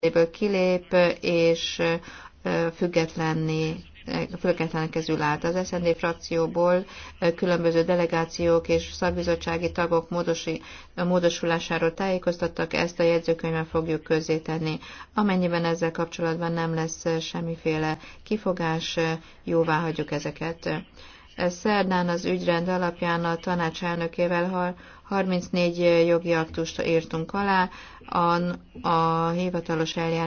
ebből kilép, és függetlenni függetlenek közül állt. Az SND frakcióból különböző delegációk és szakbizottsági tagok módosi, módosulásáról tájékoztattak, ezt a jegyzőkönyvben fogjuk közzétenni. Amennyiben ezzel kapcsolatban nem lesz semmiféle kifogás, jóvá hagyjuk ezeket. Szerdán az ügyrend alapján a tanács elnökével 34 jogi aktust írtunk alá, a, a hivatalos eljárás